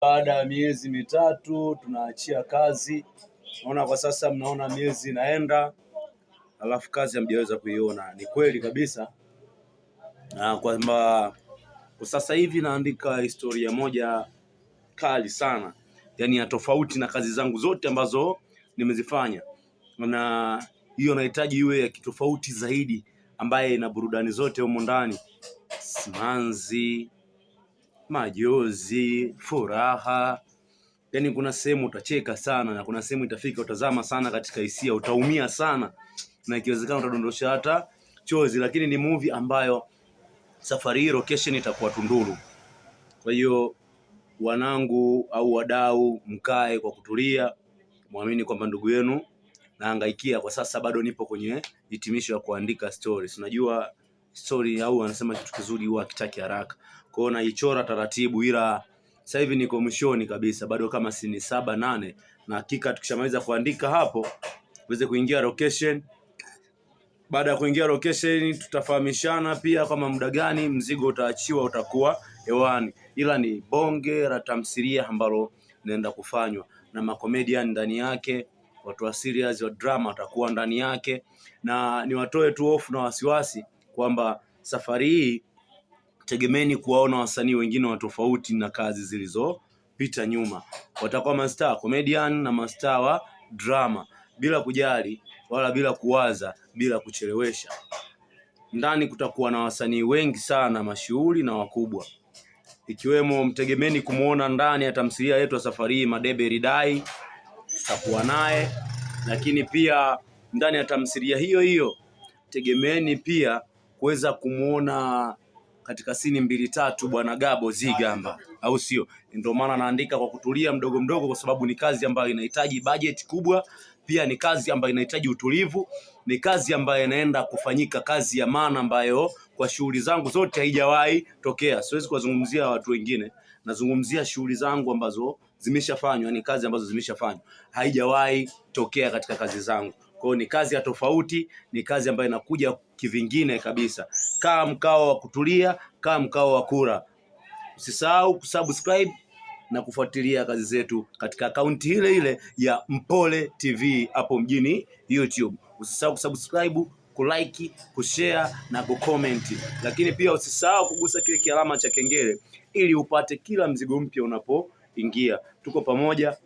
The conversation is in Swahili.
Baada ya miezi mitatu tunaachia kazi. Naona kwa sasa, mnaona miezi inaenda, alafu kazi hamjaweza kuiona. Ni kweli kabisa kwamba kwa sasa hivi naandika historia moja kali sana, yaani ya tofauti na kazi zangu zote ambazo nimezifanya, na hiyo nahitaji iwe ya kitofauti zaidi, ambaye ina burudani zote humo ndani simanzi majozi, furaha. Yaani kuna sehemu utacheka sana na kuna sehemu itafika utazama sana katika hisia, utaumia sana na ikiwezekana utadondosha hata chozi, lakini ni movie ambayo safari hii location itakuwa Tunduru. Kwa hiyo wanangu au wadau, mkae kwa kutulia, muamini kwamba ndugu yenu nahangaikia kwa sasa. Bado nipo kwenye hitimisho ya kuandika stories, unajua story au anasema kitu kizuri huwa akitaki haraka. Kwa hiyo naichora taratibu, ila sasa hivi niko mwishoni kabisa, bado kama si ni saba nane, na hakika tukishamaliza kuandika hapo uweze kuingia location. Baada ya kuingia location, tutafahamishana pia kama muda gani mzigo utaachiwa utakuwa hewani, ila ni bonge la tamthilia ambalo naenda kufanywa na makomedian ndani yake, watu wa serious wa drama watakuwa ndani yake, na niwatoe tu hofu na wasiwasi kwamba safari hii tegemeni kuwaona wasanii wengine wa tofauti na kazi zilizopita nyuma. Watakuwa mastaa comedian na mastaa wa drama, bila kujali wala bila kuwaza, bila kuchelewesha. Ndani kutakuwa na wasanii wengi sana mashuhuri na wakubwa, ikiwemo mtegemeni kumwona ndani ya tamthilia yetu ya safari hii Madebe Ridai tutakuwa naye, lakini pia ndani ya tamthilia hiyo hiyo tegemeni pia kuweza kumwona katika sini mbili tatu bwana Gabo Zigamba, au sio? Ndio maana naandika kwa kutulia mdogo mdogo, kwa sababu ni kazi ambayo inahitaji bajeti kubwa, pia ni kazi ambayo inahitaji utulivu, ni kazi ambayo inaenda kufanyika, kazi ya maana ambayo kwa shughuli zangu zote haijawahi tokea. Siwezi kuwazungumzia watu wengine, nazungumzia shughuli zangu ambazo zimeshafanywa, ni kazi ambazo zimeshafanywa, haijawahi tokea katika kazi zangu. Kwa ni kazi ya tofauti, ni kazi ambayo inakuja kivingine kabisa. Kaa mkao wa kutulia, kaa mkao wa kura. Usisahau kusubscribe na kufuatilia kazi zetu katika akaunti ile ile ya Mpole TV hapo mjini YouTube. Usisahau kusubscribe, kulike, kushare na kucomment, lakini pia usisahau kugusa kile kialama cha kengele ili upate kila mzigo mpya unapoingia. Tuko pamoja.